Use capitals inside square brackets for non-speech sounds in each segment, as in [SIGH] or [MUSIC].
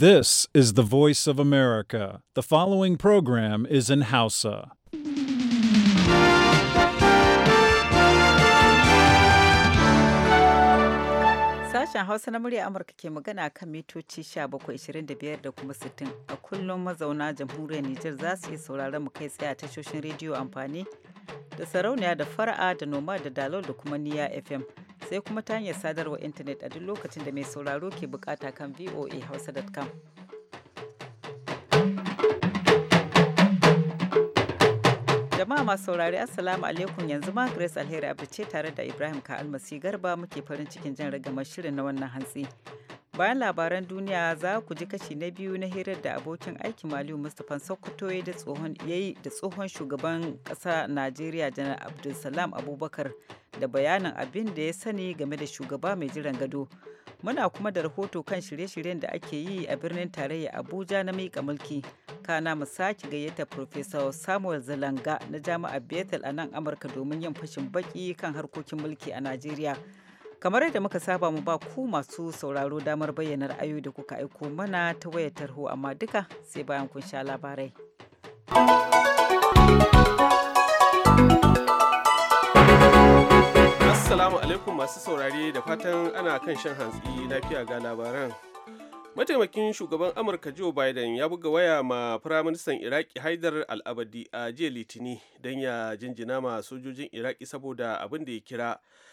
This is the voice of America. The following program is in Hausa. Sashen Hausa na murya Amurka ke magana kan mitoci 1725 da kuma 60 a kullum mazauna jamhuriyar Nijar za su iya sauraron mu kai tsaye a tashoshin rediyo amfani da sarauniya da fara'a da noma da dalol da kuma niya FM. sai kuma ta hanyar sadarwa intanet a duk lokacin da mai sauraro ke bukata kan voa voahausa.com. jama'a masu saurari assalamu alaikum yanzu ma grace alheri abu ce tare da ibrahim ka almasi garba muke farin cikin jan ragamar shirin na wannan hantsi Bayan labaran duniya za ku ji kashi na biyu na hirar da abokin aiki Maliyu Mustapha Sokoto ya yi da tsohon shugaban ƙasa Najeriya Janar Abdulsalam Abubakar da bayanin abin da ya sani game da shugaba mai jiran gado. Muna kuma da rahoto kan shirye-shiryen da ake yi a birnin tarayya Abuja na miƙa mulki. Kana mu sake gayyata Professor Samuel Zalanga na Jami'ar Bethel a nan Amurka domin yin fashin baki kan harkokin mulki a Najeriya. kamar yadda muka saba mu ba ku masu sauraro damar bayyana ra'ayoyi da kuka aiko mana ta wayar tarho amma duka sai bayan kun sha labarai Assalamu alaikum masu saurare da fatan ana kan shan hantsi lafiya ga labaran. Mataimakin shugaban Amurka Joe Biden ya buga waya ma Firaministan Iraki Haidar al'abadi a jiya Litini don ya jinjina ma sojojin Iraki saboda abin da ya kira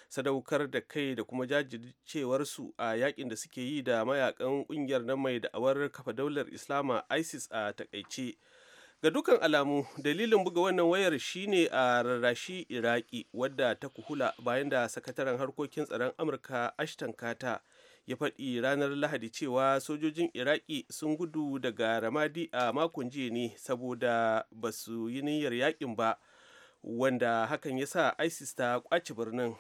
sadaukar da kai da kuma jajircewarsu a yakin da suke yi da mayakan kungiyar nan mai da da'awar kafa daular islama isis a takaice ga dukan alamu dalilin buga wannan wayar shine a rarrashi iraki wadda ta kuhula bayan da sakataren harkokin tsaron amurka ashton kata ya faɗi ranar lahadi cewa sojojin iraki sun gudu daga ramadi a makon jiya ne saboda ba su yi niyyar yaƙin ba wanda hakan ya sa isis ta kwaci birnin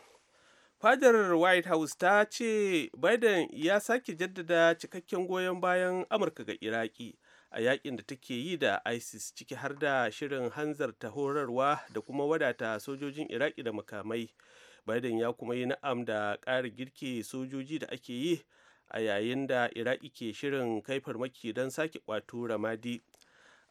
fadar white house ta ce biden ya sake jaddada cikakken goyon bayan amurka ga iraki a yakin da take yi da isis ciki har da shirin hanzarta horarwa da kuma wadata sojojin iraki da makamai biden ya kuma yi na'am da ƙara girke sojoji da ake yi a yayin da iraki ke shirin kai farmaki don sake kwato ramadi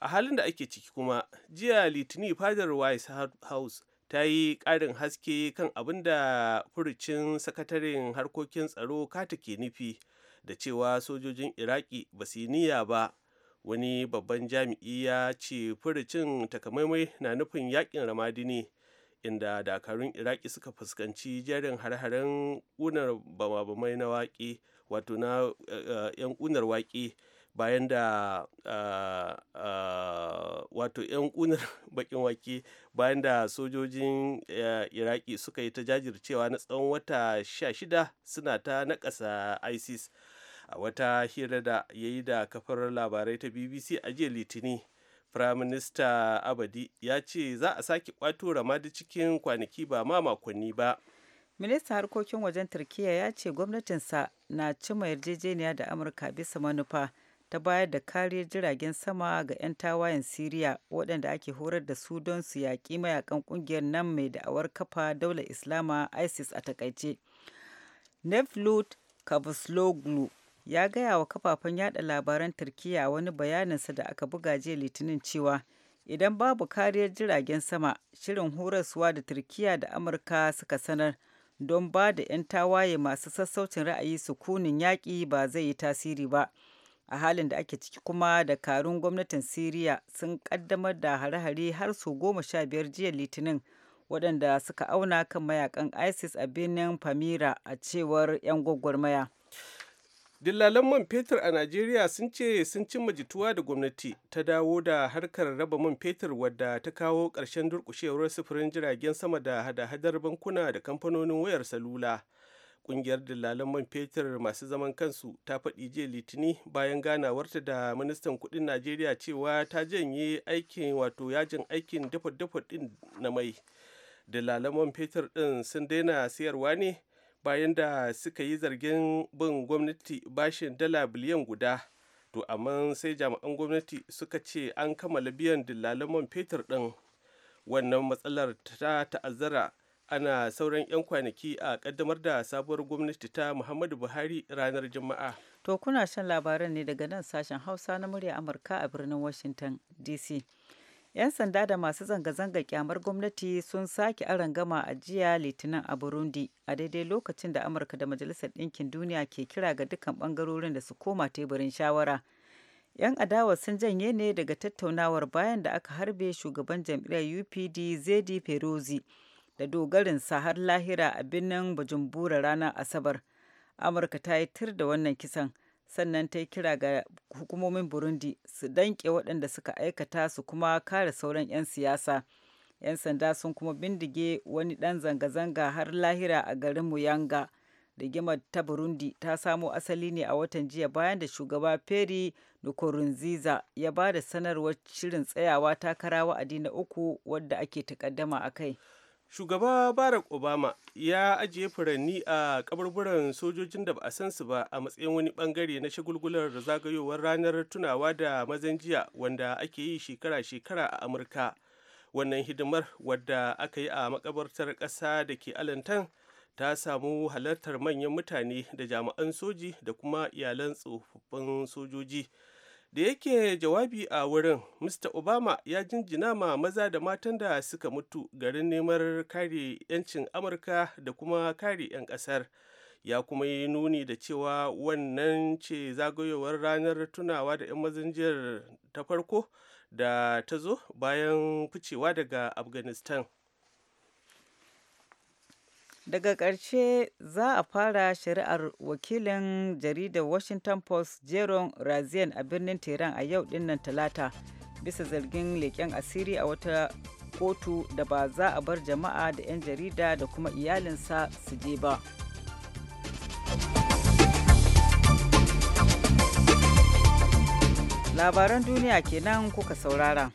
a halin da ake ciki kuma jiya litini fadar white house ta yi ƙarin haske kan abin da furucin sakataren harkokin tsaro kata ke nufi da cewa sojojin iraki ba su yi niyya ba wani babban jami'i ya ce furucin takamaimai na nufin yakin ramadi ne inda dakarun iraki suka fuskanci jerin har-haren ƙunar bamai na waƙe wato na 'yan eh, eh, ƙunar waƙe bayan da ah, ah, wato 'yan kunar [LAUGHS] bakin wake bayan da sojojin eh, iraki suka yi ta jajircewa na tsawon wata 16 suna ta nakasa isis a wata hira da ya yi da kafar labarai ta bbc a jiya litini firaminista abadi ya ce za a sake kwato ramadi cikin kwanaki ba ma makonni ba ministan harkokin wajen turkiya ya ce gwamnatinsa na cima yarjejeniya da amurka bisa manufa ta bayar da kariyar jiragen sama ga 'yan tawayen Siriya waɗanda ake horar da su don su yaƙi mayakan ƙungiyar nan mai da'awar kafa daular Islama ISIS a takaice. Nevlut Kavusloglu ya gaya wa kafafen yada labaran Turkiyya a wani bayaninsa da aka buga jiya Litinin cewa idan babu kariyar jiragen sama shirin horaswa da Turkiyya da Amurka suka sanar don ba da 'yan tawaye masu sassaucin ra'ayi sukunin yaƙi ba zai yi tasiri ba. a halin da ake ciki kuma dakarun gwamnatin siriya sun kaddamar da hare-hare har su goma sha biyar jiya litinin waɗanda suka auna kan mayakan isis a birnin pamira a cewar 'yan gwagwarmaya dillalan man fetur a najeriya sun ce sun cimma jituwa da gwamnati ta dawo da harkar raba man fetur wadda ta kawo ƙarshen durƙushewar sufurin jiragen sama da hada-hadar bankuna da kamfanonin wayar salula. kungiyar dillalan man fetur masu zaman kansu ta faɗi jiya litini bayan ganawarta da ministan kudin najeriya cewa ta janye aikin wato yajin aikin dafa-dafa din na mai dillalan man fetur din sun daina sayarwa ne bayan da suka yi zargin bin gwamnati bashin dala biliyan guda to amma sai jami'an gwamnati suka ce an kammala biyan dillalan man fetur din wannan matsalar ta ta'azzara ana sauran 'yan kwanaki a kaddamar da sabuwar gwamnati ta muhammadu buhari ranar juma'a to kuna shan labaran ne daga nan sashen hausa na murya amurka a birnin washington dc 'yan sanda da masu zanga-zanga kyamar gwamnati sun sake gama a jiya litinin a burundi a daidai lokacin da amurka da majalisar ɗinkin duniya ke kira ga dukkan bangarorin da su koma teburin shawara 'yan adawa sun janye ne daga tattaunawar bayan da aka harbe shugaban jam'iyyar upd zedi ferozi da dogarinsa har lahira a birnin bujumbura ranar asabar amurka ta yi tir da wannan kisan sannan ta yi kira ga hukumomin burundi su danke waɗanda suka aikata su kuma kare sauran 'yan siyasa 'yan sanda sun kuma bindige wani ɗan zanga-zanga har lahira a garin muyanga rigimar ta burundi ta samo asali ne a watan jiya bayan da shugaba peri nkurunziza ya ba da sanarwar shirin tsayawa takara wa'adi na uku wadda ake takaddama a kai shugaba barack obama ya ajiye furanni a kaburburan sojojin da ba a san su ba a matsayin wani bangare na shagulgular zagayowar ranar tunawa da mazan jiya wanda ake yi shekara-shekara a amurka wannan hidimar wadda aka yi a makabartar ƙasa da ke alantan ta samu halartar manyan mutane da jami'an soji da kuma iyalan tsofaffin sojoji da yake jawabi a wurin mr obama ya jinjina ma maza da matan da suka mutu garin neman kare 'yancin amurka da kuma kare 'yan kasar ya kuma yi nuni da cewa wannan ce zagayowar ranar tunawa da 'yan mazinjiyar ta farko da ta zo bayan ficewa daga afghanistan daga ƙarshe za a fara shari'ar wakilin jaridar washington post jeron razian a birnin tehran a yau dinnan talata bisa zargin leƙen asiri a wata kotu da ba za a bar jama'a da 'yan jarida da kuma iyalinsa su je ba labaran duniya kenan kuka saurara.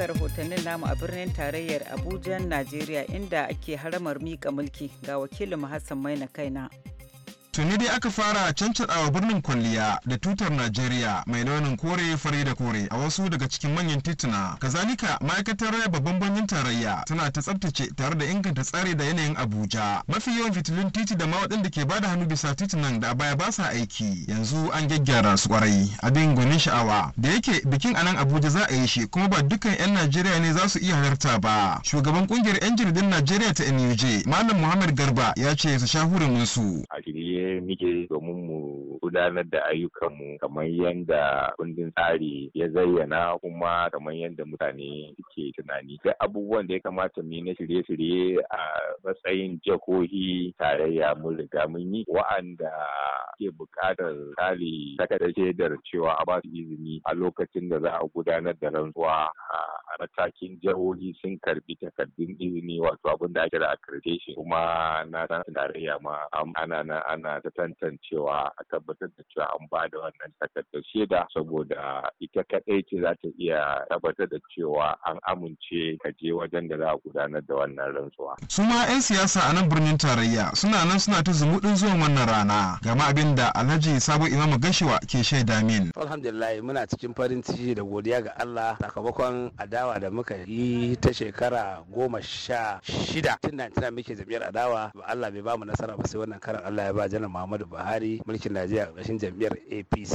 duka rahotannin namu a birnin tarayyar Abuja, Najeriya inda ake haramar mika mulki ga wakilin Hassan Maina kaina. Tuni dai aka fara cancaɗawa birnin kwalliya da tutar Najeriya mai launin kore fari da kore a wasu daga cikin manyan tituna. Kazalika ma'aikatar raya babban birnin tarayya tana ta tsabtace tare da inganta tsari da yanayin Abuja. Mafi yawan fitilun titi da ma waɗanda ke bada hannu bisa titunan da a baya ba sa aiki yanzu an gyaggyara su kwarai abin gwanin sha'awa. Da yake bikin anan Abuja za a yi shi kuma ba dukkan 'yan Najeriya ne za su iya halarta ba. Shugaban kungiyar 'yan jaridun Najeriya ta NUJ Malam Muhammad Garba ya ce su sha hurumin su. ne muke domin mu gudanar da ayyukanmu kamar yadda kundin tsari ya zayyana kuma kamar yadda mutane suke tunani duk abubuwan da ya kamata mu yi na shirye-shirye a matsayin jihohi tarayya mun riga mun yi wa'anda ke buƙatar kare takardar shaidar cewa a ba su izini a lokacin da za a gudanar da rantsuwa a matakin jihohi sun karbi takardun izini wato abin da ake da accreditation kuma na san tarayya ma ana na ana ta tantancewa a tabbatar da cewa an ba da wannan takardar shaida saboda ita kadai ce za ta iya tabbatar da cewa an amince ka je wajen da za a gudanar da wannan rantsuwa. su ma 'yan siyasa a nan birnin tarayya suna nan suna ta zumuɗin zuwan wannan rana Gama abin da alhaji sabo imam gashiwa ke shaida min. alhamdulillah muna cikin farin ciki da godiya ga allah sakamakon adawa adawa da muka yi ta shekara goma sha shida tun da tana muke jam'iyyar adawa ba Allah bai bamu nasara ba sai wannan karan Allah ya ba janar Muhammadu Buhari mulkin Najeriya ƙarshen jam'iyyar APC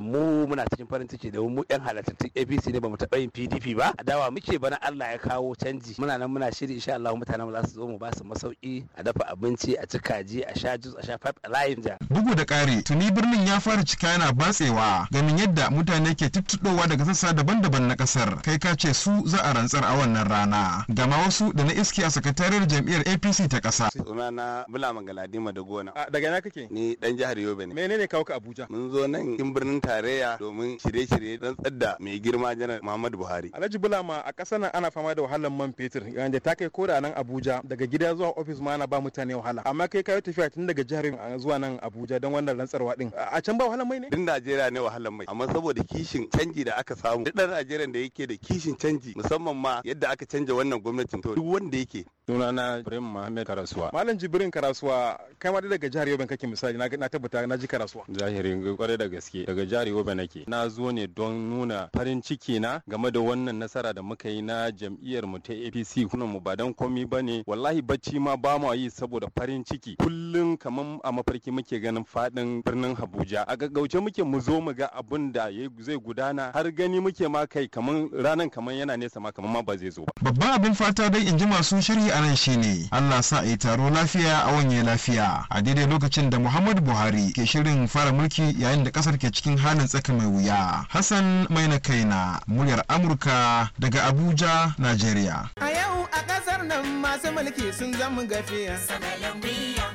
mu muna cikin farin ciki da mu yan halattattun APC ne mu taɓa yin PDP ba adawa muke bana Allah ya kawo canji muna nan muna shiri insha Allah mutanen za su zo mu ba su masauki a dafa abinci a ci kaji a sha jus a sha pipe a layin ja bugu da ƙari tuni birnin ya fara cika yana batsewa ganin yadda mutane ke tuttuɗowa daga sassa daban-daban na ƙasar kai ka ce su za a rantsar a wannan rana da ma wasu da na iske a sakatariyar jam'iyyar apc ta ƙasa. sunana bula galadima da gona A daga na kake ni dan jihar yobe ne menene kawo ka abuja mun zo nan kin birnin tarayya domin shirye-shirye don tsada mai girma janar muhammadu buhari alhaji bulama a ƙasa nan ana fama da wahalar man fetur da ta kai koda nan abuja daga gida zuwa ofis ma ana ba mutane wahala amma kai kayo tafiya tun daga jihar zuwa nan abuja don wannan rantsarwa din a can ba wahalar mai ne din najeriya ne wahalar mai amma saboda kishin canji da aka samu duk dan najeriya da yake da kishin canji canji musamman ma yadda aka canja wannan gwamnatin to duk wanda yake sunana Jibirin Muhammad Karasuwa. Malam Jibrin Karasuwa, kai ma daga jihar Yobe kake misali na tabbata na ji Karasuwa. Zahirin kwarai da gaske daga jihar Yobe nake. Na zo ne don nuna farin ciki na game da wannan nasara da muka yi na jam'iyyar mu ta APC kuna mu ba dan komi bane. Wallahi bacci ma ba mu yi saboda farin ciki. Kullum kaman a mafarki muke ganin fadin birnin Abuja. A gaggauce muke mu zo mu ga abin da zai gudana har gani muke ma kai kaman ranan kaman yana nesa ma kaman ma ba zai zo ba. Babban abin fata dai in ji masu shirya a nan shine Allah sa a yi taro lafiya a wanye lafiya a daidai lokacin da Muhammad Buhari ke shirin fara mulki yayin da kasar ke cikin halin tsaka mai wuya. Hassan Maina Kaina muryar Amurka daga Abuja, Najeriya. A yau a kasar nan masu mulki sun zama gafiya.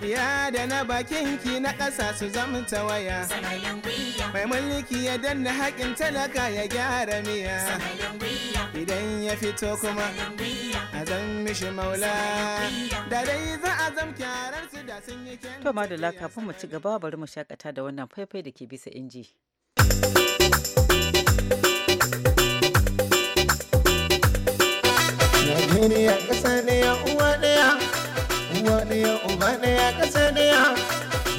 Ya da na bakin ki na ƙasa su zama tawaya. Mai mulki ya danna haƙin talaka ya gyara miya. Idan ya fito kuma a zan mishi maula. da dai za a zam da sun yi kyan. To madalla kafin mu ci gaba bari mu shakata da wannan faifai da ke bisa inji. Najeriya ƙasa ɗaya uwa ɗaya, uwa ɗaya uba ɗaya ƙasa ɗaya.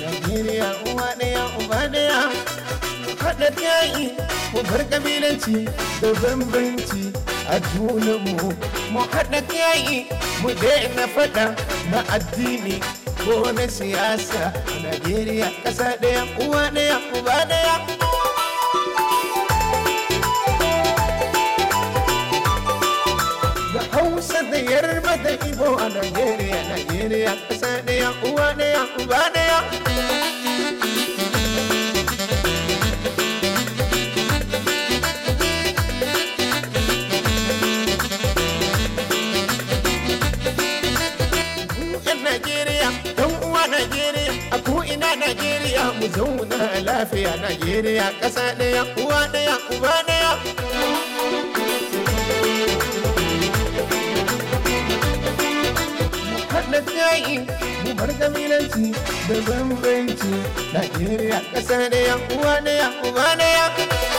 Najeriya uwa ɗaya uba ɗaya. faɗar yayi mu bar kabilanci da bambanci a junanmu mu haɗa yayi mu daina faɗa na addini ko na siyasa a Najeriya ƙasa ɗaya uwa ɗaya uba ɗaya. Da Hausa da Yarba da Ibo a Najeriya, Najeriya ƙasa ɗaya uwa ɗaya uba ɗaya. Najeriya mu zauna lafiya Najeriya ƙasa ɗaya uwa ɗaya uba ɗaya. Haɗa tsayi mu bar kabilanci da bambanci Najeriya ƙasa ɗaya uwa ɗaya uba ɗaya.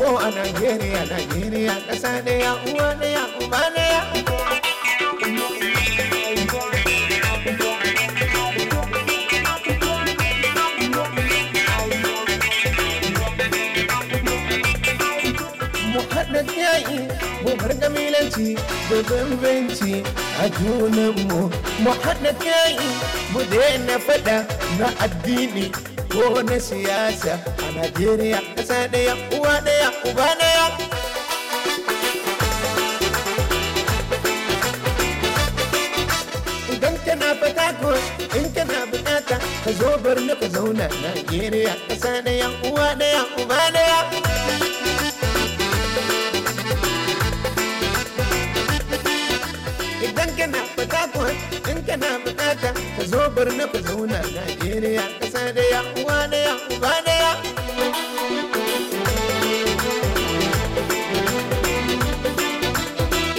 ko a Najeriya, Najeriya ƙasa ɗaya, uwa ɗaya, uba ɗaya. Mu mu bar ƙabilanci da bambanci a junanmu. Mu haɗa yayi, mu daina faɗa na addini ko na siyasa a Najeriya kasa ɗaya uwa ɗaya uba ɗaya. Idan kana fata ko in kana bukata ka zo bar ni ka zauna Najeriya kasa ɗaya uwa ɗaya uba ɗaya. Idan kana fata ko kana bukata ka zo barna ku zauna Najeriya ƙasa da ya uwa da ya uba da ya.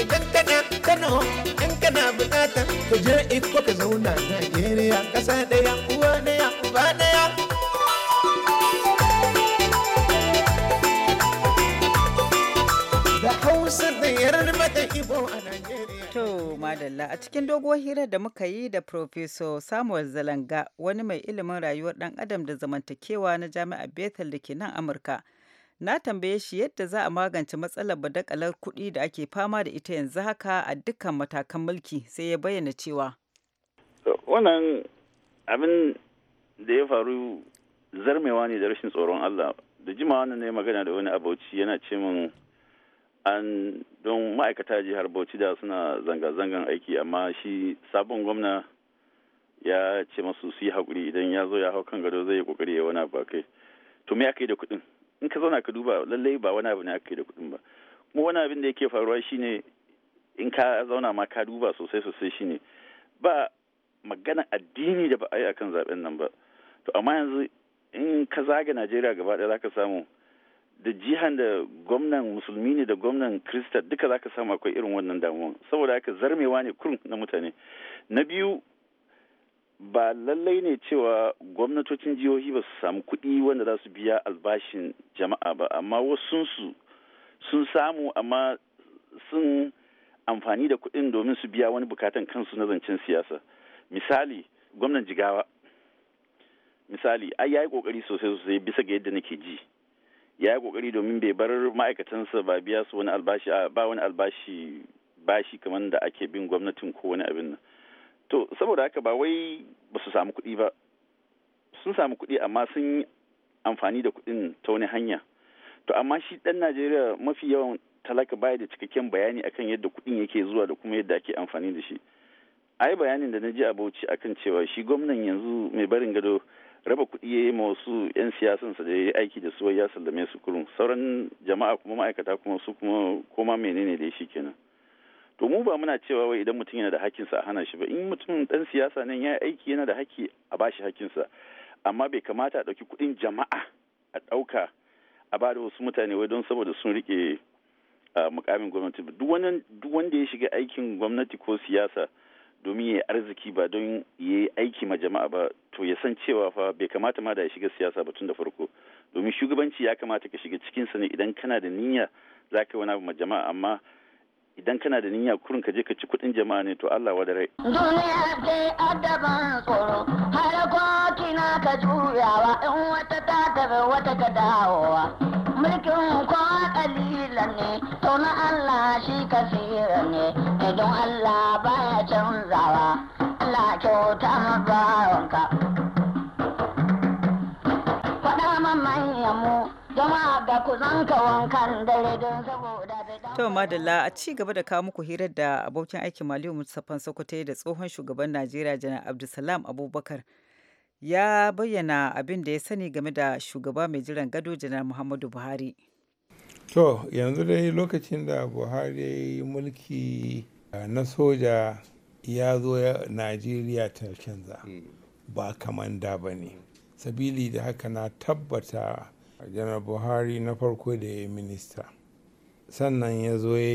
Idan kana Kano in kana bukata ka je iko ka zauna Najeriya ƙasa da ya uwa da ya uba da ya. Da Hausa da Yarba da Ibo madalla a cikin doguwar hira da muka yi da Professor Samuel Zalanga wani mai ilimin rayuwar ɗan adam da zamantakewa na Jami'ar Bethel da ke nan Amurka. Na tambaye shi yadda za a magance matsalar badakalar kuɗi da ake fama da ita yanzu haka a dukkan matakan mulki sai ya bayyana cewa. Wannan abin da ya faru zarmewa ne da rashin tsoron Allah. Da jimawa ne magana da wani aboci yana ce min an don ma'aikata jihar bauchi da suna zanga-zangan aiki amma shi sabon gwamna ya ce masu su yi haƙuri idan ya zo ya hau kan gado zai yi ƙoƙari ya wani abu kai to me aka yi da kuɗin in ka zauna ka duba lallai ba wani abu ne aka yi da kuɗin ba kuma wani abin da yake faruwa shine in ka zauna ma ka duba sosai sosai shine ba magana addini da ba a yi akan zaben nan ba to amma yanzu in ka zaga najeriya gaba ɗaya ka samu da jihan da gwamnan musulmi ne da gwamnan krista duka za ka samu akwai irin wannan damuwan saboda haka zarmewa ne kurum na mutane na biyu ba lallai ne cewa gwamnatocin jihohi ba su samu kuɗi wanda za su biya albashin jama'a ba amma wasu sun samu amma sun amfani da kuɗin domin su biya wani bukatan kansu na zancen siyasa misali gwamnan jigawa misali ai ya yi kokari sosai sosai bisa ga yadda nake ji ya yi kokari domin bai bar ma'aikatansa ba biya su wani albashi ba wani albashi bashi kamar da ake bin gwamnatin ko wani abin nan to saboda haka ba wai ba su samu kuɗi ba sun samu kuɗi amma sun yi amfani da kuɗin ta wani hanya to amma shi ɗan najeriya mafi yawan talaka baya da cikakken bayani akan yadda kuɗin yake zuwa da kuma yadda ake amfani da shi ai bayanin da na ji a bauchi akan cewa shi gwamnan yanzu mai barin gado raba kuɗi ya yi wasu 'yan siyasan sa da ya yi aiki da su ya sallame su kurun sauran jama'a kuma ma'aikata kuma su kuma koma menene da shi kenan to mu ba muna cewa wai idan mutum yana da hakinsa a hana shi ba in mutum dan siyasa nan ya yi aiki yana da haki a bashi hakkin sa amma bai kamata a ɗauki kuɗin jama'a a ɗauka a ba da wasu mutane wai don saboda sun rike ah, mukamin gwamnati duk wanda ya shiga aikin gwamnati ko siyasa domin ya arziki ba don ya yi aiki ma jama'a ba to ya san cewa fa bai kamata ma da ya shiga siyasa ba tun da farko domin shugabanci ya kamata ka shiga cikin sa ne idan kana da niyya za ka yi wani abu ma jama'a amma idan kana da niyya kurin ka je ka ci kuɗin jama'a ne to Allah wa da rai. Duniya ce tsoro har koki na ka juyawa in wata ta tafi wata ka dawowa. Mulkin ko kalilan ne to na Allah shi kasira ne mai Allah baya canzawa Allah kyauta ma bawanka faɗa ma manyan To Madalla a ci gaba da kawo muku hirar da abokin aikin Maliyu Mustapha Sokoto da tsohon shugaban Najeriya Janar Abdulsalam Abubakar ya bayyana abin da ya sani game da shugaba mai jiran gado Janar Muhammadu Buhari. To yanzu dai lokacin da Buhari ya yi mulki Eh, na soja ya zo najeriya ta canza hmm. ba kamanda ba ne sabili da haka na tabbata janar buhari na farko da ya yi minista sannan ya zo ya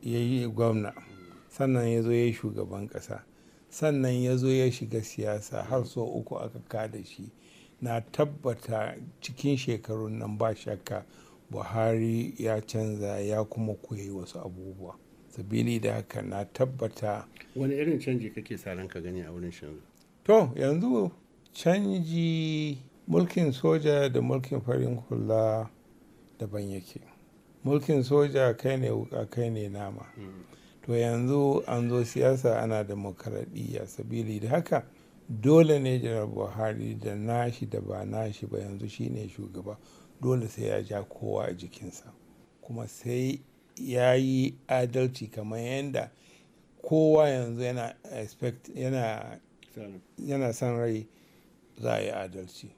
yi gwamna sannan ya zo ya yi shugaban kasa sannan ya zo ya shiga siyasa har so uku aka kada shi na tabbata cikin shekarun nan ba shakka buhari ya canza ya kuma koyi wasu abubuwa sabili da haka na tabbata wani irin canji kake tsarin ka gani a wurin shanzu to yanzu canji mulkin soja da mulkin farin hula daban yake mulkin soja kai ne wuka kai ne nama hmm. to yanzu an zo siyasa ana demokaradiyya sabili da haka dole ne janar buhari da nashi da ba nashi ba yanzu shine shugaba dole sai ya ja kowa a jikinsa kuma sai ya yi adalci kamar yadda kowa yanzu yana expect yana yana son rai za a yi adalci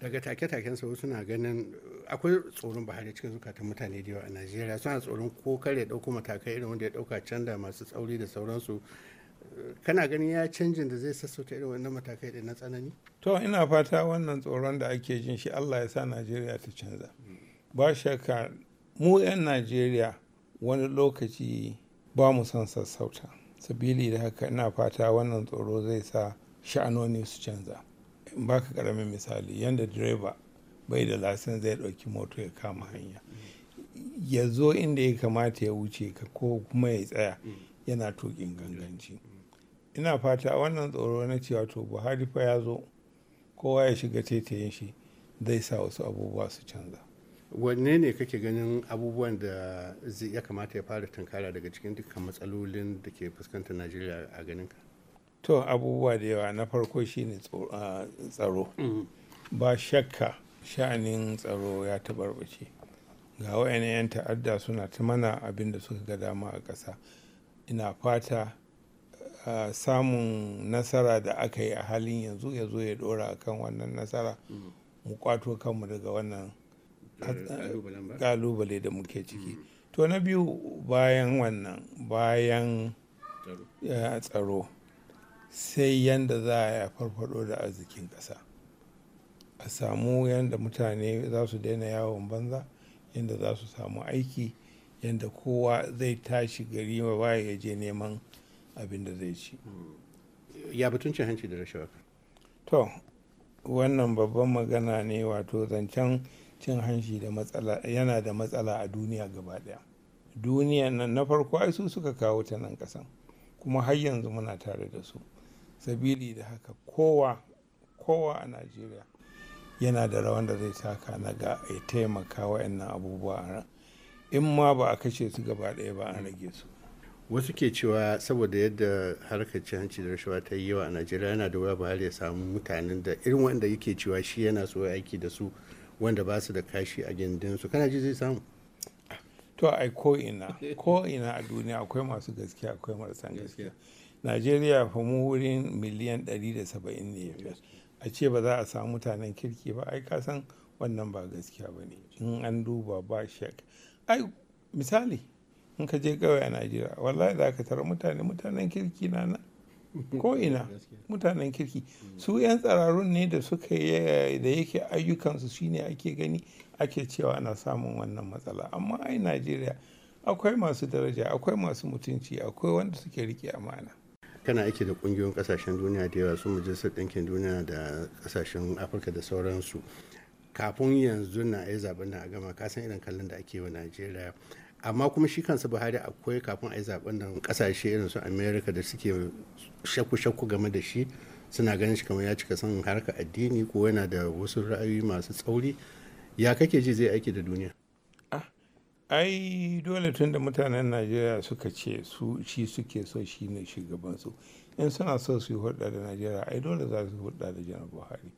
daga take-taken sau suna ganin akwai tsoron bahari cikin zukatan mutane da yawa a najeriya suna tsoron ko kar ya dauko matakai irin wanda ya dauka canda masu tsauri da sauransu kana ganin ya canjin da zai sassauta irin wannan matakai da na tsanani to ina fata wannan tsoron da ake jin shi allah ya sa najeriya ta canza hmm. ba shakka mu 'yan najeriya wani lokaci ba mu son sassauta sabili da haka ina fata wannan tsoro zai sa sha'anoni su canza in baka karamin misali yadda direba bai da lasin zai ɗauki moto ya kama hanya ya zo inda ya kamata ya wuce ka ko kuma ya tsaya yana tukin ganganci ina fata wannan tsoro na cewa to buhari fa ya zo kowa ya shiga tetayin shi zai sa wasu abubuwa su canza wanne ne kake ganin abubuwan da ya kamata ya fara tunkara daga cikin dukkan matsalolin da ke fuskantar najeriya a ganinka to abubuwa da yawa na farko shine tsaro ah, mm-hmm. ba shakka sha'anin tsaro ya tabarbace ga wayan 'yan ta'adda suna ta mana abin da suka ga dama a ƙasa ina fata ah, samun nasara da aka yi a halin yanzu ya zo ya dora kan wannan nasara mm-hmm. mu kwato kanmu daga wannan Eh, kalubale da muke ciki to na biyu bayan wannan bayan tsaro eh, sai yanda za a farfado da arzikin ƙasa a samu yanda mutane za su daina yawon banza yadda za su samu aiki yadda kowa zai tashi gari ma baya ya je neman abin da zai ci hmm. ya batun hanci da rashawa to wannan babban magana ne wato zancen cin hanshi da yana da matsala a duniya gaba daya duniya nan na farko ai su suka kawo ta nan kasan kuma har yanzu muna tare da su sabili da haka kowa a najeriya yana da rawan da zai taka na ga ya taimaka wa'annan abubuwa a in ma ba a kashe su gaba ɗaya ba an rage su wasu ke cewa saboda yadda harkar cin hanci da rashawa ta yi yawa a najeriya yana da wuya har ya samu mutanen da irin wanda yake cewa shi yana so aiki da su wanda ba su da kashi a gindinsu kana ji zai samu to ai ko ina ko ina a duniya akwai masu gaskiya akwai marasa gaskiya najeriya fa mu wurin miliyan 170 ne a ce ba za a samu mutanen kirki ba ai ka san wannan ba gaskiya ba ne in an duba ba shek ai misali in ka je kawai a najeriya wallahi za ka tara mutane mutanen kirki na nan ko ina mutanen kirki su 'yan tsararrun ne da suka da yake ayyukansu shine ake gani ake cewa ana samun wannan matsala amma ai najeriya akwai masu daraja akwai masu mutunci akwai wanda suke rike amana kana aiki da kungiyoyin kasashen duniya da yawa su majalisar ɗinkin duniya da kasashen afirka da sauransu kafin yanzu na yi zaben na a gama kasan irin kallon da ake wa najeriya amma kuma shi kansa buhari akwai kafin a yi zaben nan kasashe irin su america da suke shakku-shakku game da shi suna ganin shi kamar ya cika son harka addini ko yana da wasu ra'ayoyi masu tsauri ya kake ji zai aiki da duniya ah, ai dole tun da mutanen najeriya suka ce su shi suke so shi ne shugabansu in suna so su yi hulɗa da najeriya ai dole za su hulɗa da janar buhari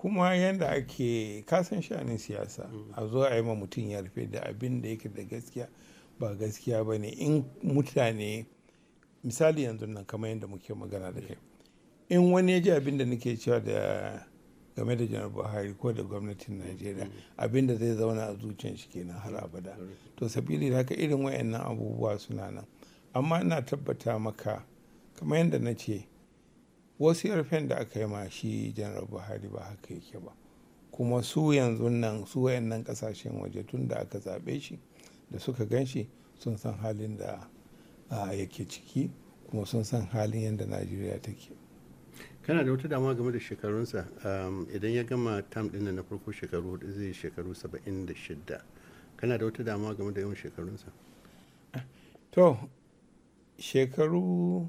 kuma yadda ake kasan sha'anin siyasa a zo a yi ma mutum ya rufe da abin da yake da gaskiya ba gaskiya ba ne in mutane misali yanzu nan kamar yadda muke magana da kai in wani ya ji abin da nake cewa da game da janar buhari ko da gwamnatin najeriya abin da zai zauna a zuciyar shi kenan har abada to sabili haka irin wayannan abubuwa suna nan amma ina tabbata maka kamar yadda na ce wasu yarfen da aka yi ma shi janar buhari ba haka yake ba kuma su yanzu nan su wayannan kasashen waje tun da aka zaɓe shi da suka gan shi sun san halin da yake ciki kuma sun san halin yadda najeriya take kana da wata dama game da shekarunsa idan ya gama tam ɗin na farko shekaru hudu zai shekaru 76 kana da wata dama game da yawan shekarunsa to shekaru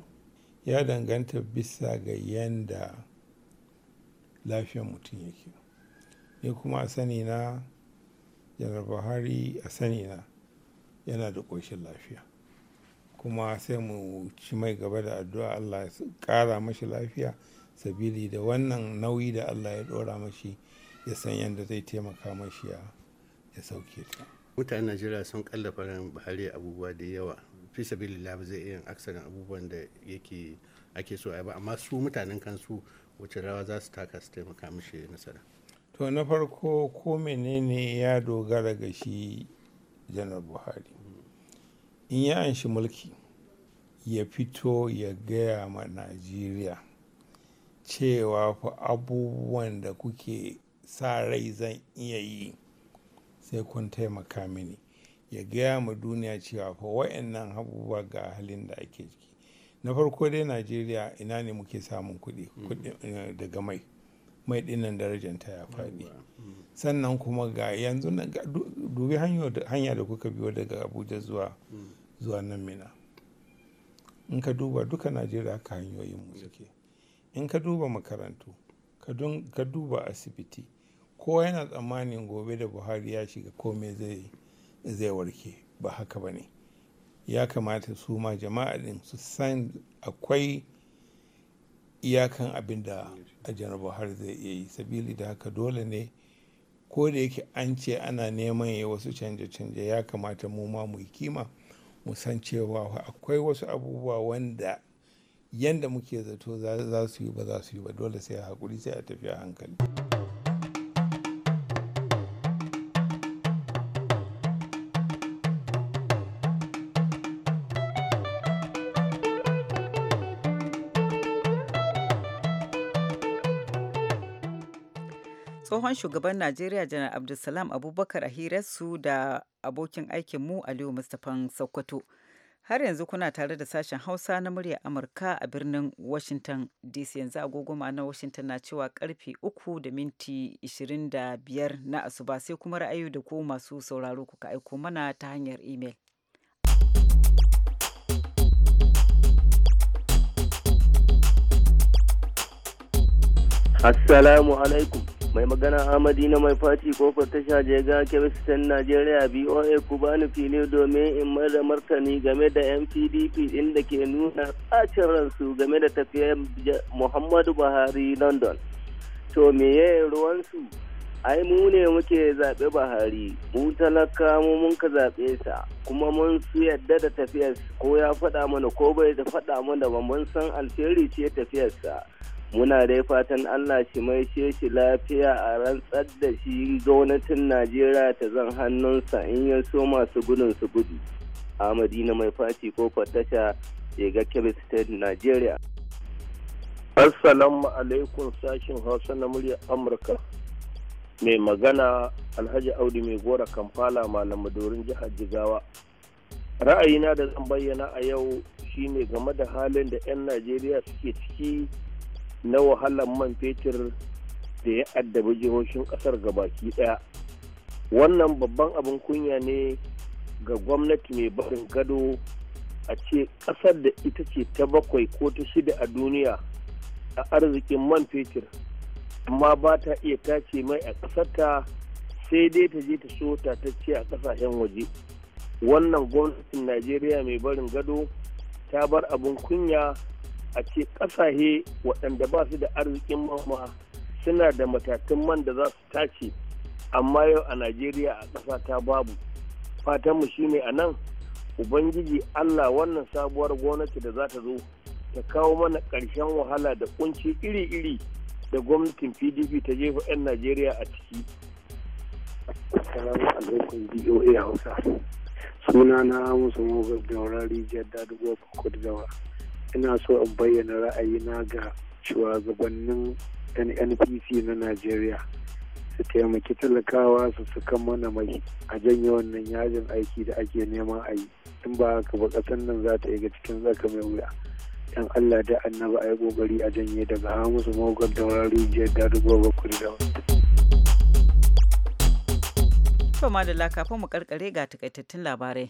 ya danganta bisa ga yadda lafiyar mutum yake ni kuma a sani na janar buhari a sani na yana da ƙoshin lafiya kuma sai mu ci mai gaba da addu'a allah ya ƙara mashi lafiya sabili da wannan nauyi da allah ya ɗora mashi ya san yadda zai taimaka mashi ya sauke ta mutanen najeriya sun kallafa ran buhari abubuwa da yawa fi sabilillah ba zai iya aksarin abubuwan da yake ake so a ba amma su mutanen kansu wacce rawa za su taka su taimaka mishi nasara to na farko ko menene ya dogara ga shi janar buhari in ya anshi mulki ya fito ya gaya ma najeriya cewa fa abubuwan da kuke sa rai zan iya yi sai kun taimaka mini ya gaya ma duniya cewa fa wa'annan abubuwa ga halin da ake ciki na farko dai najeriya ina ne muke samun kuɗi mm. eh, daga mai mai dinnan ta ya faɗi mm. sannan kuma ga yanzu dubi hanya da kuka biyo daga abuja zuwa mm. zuwa nan mina in ka duba duka najeriya ka hanyoyin mu suke in ka duba makarantu ka duba asibiti kowa yana tsammanin gobe da buhari ya shiga komai zai zai warke ba haka ba ne ya kamata su ma jama'a din su san akwai iyakan abin da janar buhari zai iya yi sabili da haka dole ne ko da yake an ce ana neman ya wasu canje-canje ya kamata mu ma mu yi kima mu san cewa akwai wasu abubuwa wanda yanda muke zato za su yi ba za su yi ba dole sai a haƙuri sai a tafiya hankali. tsohon shugaban najeriya janar abdulsalam abubakar a hirarsu da abokin aikin mu aliyu mustapha sokoto har yanzu kuna tare da sashen hausa na murya amurka a birnin washington dc yanzu agogoma na washington na cewa karfe 3 da minti 25 na asuba sai kuma ra'ayi da ko masu sauraro kuka aiko mana ta hanyar imel assalamu alaikum mai magana amadi na mai faci kofar tasha jega kebistan najeriya boa ku bani fili domin in mai da martani game da mpdp inda ke nuna tsacin ransu game da tafiyar muhammadu buhari london to meye ruwansu ai mu ne muke zaɓe buhari mu talaka mu mun ka zaɓe sa kuma mun su yadda da tafiyarsa ko ya faɗa mana ko bai da faɗa mana ba mun san alheri ce tafiyarsa muna dai fatan allah shi mai shi lafiya a rantsar da shi gwamnatin najeriya ta zan hannunsa in ya so masu gudun su gudu a na mai faci ko fatasha ga kebbi state najeriya assalamu alaikum sashin hausa na murya amurka mai magana alhaji audu mai gora kamfala dorin jihar jigawa ra'ayina da zan bayyana a yau shine game da halin da 'yan najeriya suke ciki na wahalar man fetur da ya addabi jihohin kasar baki daya wannan babban abin kunya ne ga gwamnati mai barin gado a ce kasar da ita ce ta bakwai ko ta shida a duniya a arzikin man fetur amma ba ta iya tace mai a ƙasarta sai dai ta je ta so ta ce a kasashen waje wannan gwamnatin najeriya mai barin gado ta bar abin kunya a ce ƙasashe waɗanda ba su da arzikin mama suna da matatun man da za su tace amma yau a najeriya a ƙasa ta babu fatanmu shine a nan ubangiji allah wannan sabuwar gwamnati da za ta zo ta kawo mana ƙarshen wahala da kunci iri-iri da gwamnatin pdp ta jefa 'yan najeriya a ciki hausa suna na musu mogar ina so in bayyana ra'ayina ga shugabannin npc na najeriya su taimaki talakawa su suka mana mai a janye wannan yajin aiki da ake neman a yi in ba haka ba kasan nan za ta ga cikin zaka mai wuya dan allah da annaba a yi kokari a janye daga hawa musu mogar da wurare jiya da ba kuri da To da kafin mu karkare ga takaitattun labarai.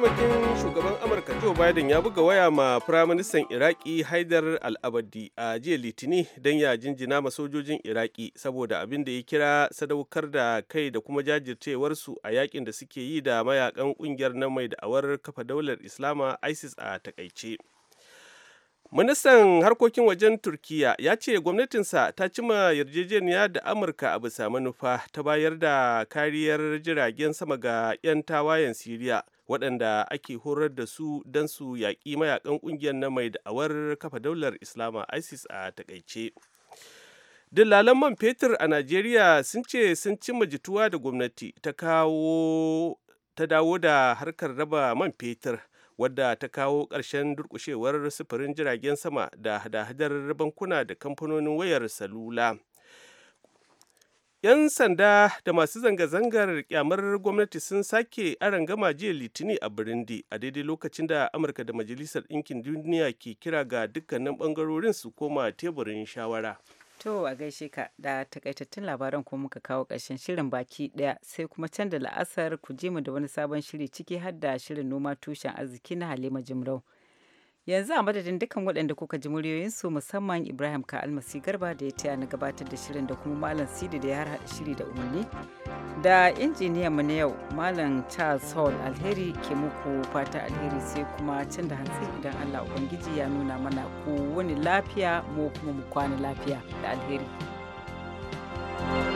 mataimakin shugaban amurka joe biden ya buga waya ma firaministan iraki haidar al'abadi a jiya litini don ya jinjina ma sojojin iraki saboda abin da ya kira sadaukar da kai da kuma jajircewarsu a yakin da suke yi da mayakan kungiyar na mai da'awar kafa daular islama isis a takaice ministan harkokin wajen turkiya ya ce gwamnatinsa ta cima yarjejeniya da amurka a bisa manufa ta bayar da kariyar jiragen sama ga 'yan tawayen siriya waɗanda ake horar da su don su yaƙi mayakan ƙungiyar na mai da'awar kafa daular islama isis a takaice dillalan man fetur a najeriya sun ce sun cimma jituwa da gwamnati ta kawo ta dawo da harkar raba man fetur wadda ta kawo ƙarshen durƙushewar sufurin jiragen sama da hada-hadar bankuna da kamfanonin wayar salula 'Yan sanda da masu zanga-zangar kyamar gwamnati sun sake aron gama jiya litini a Burundi a daidai lokacin da Amurka da Majalisar Ɗinkin Duniya ke kira ga dukkanin ɓangarorin su koma teburin shawara. To a gaishe ka da takaitattun labaran kuma muka kawo ƙarshen shirin baki ɗaya sai kuma can da la'asar ku je mu da wani sabon shiri ciki har da shirin noma tushen arziki na Halima Jimrau. yanzu a madadin dukkan waɗanda kuka ji muryoyin su musamman ibrahim ka almasi garba da ya taya na gabatar da shirin da kuma malam sidi da ya harhaɗa shiri da umarni da injiniya mu na yau malam charles hall alheri ke muku fata alheri sai kuma can da hantsi idan allah ubangiji ya nuna mana ku wani lafiya mu kuma mu kwana lafiya da alheri thank you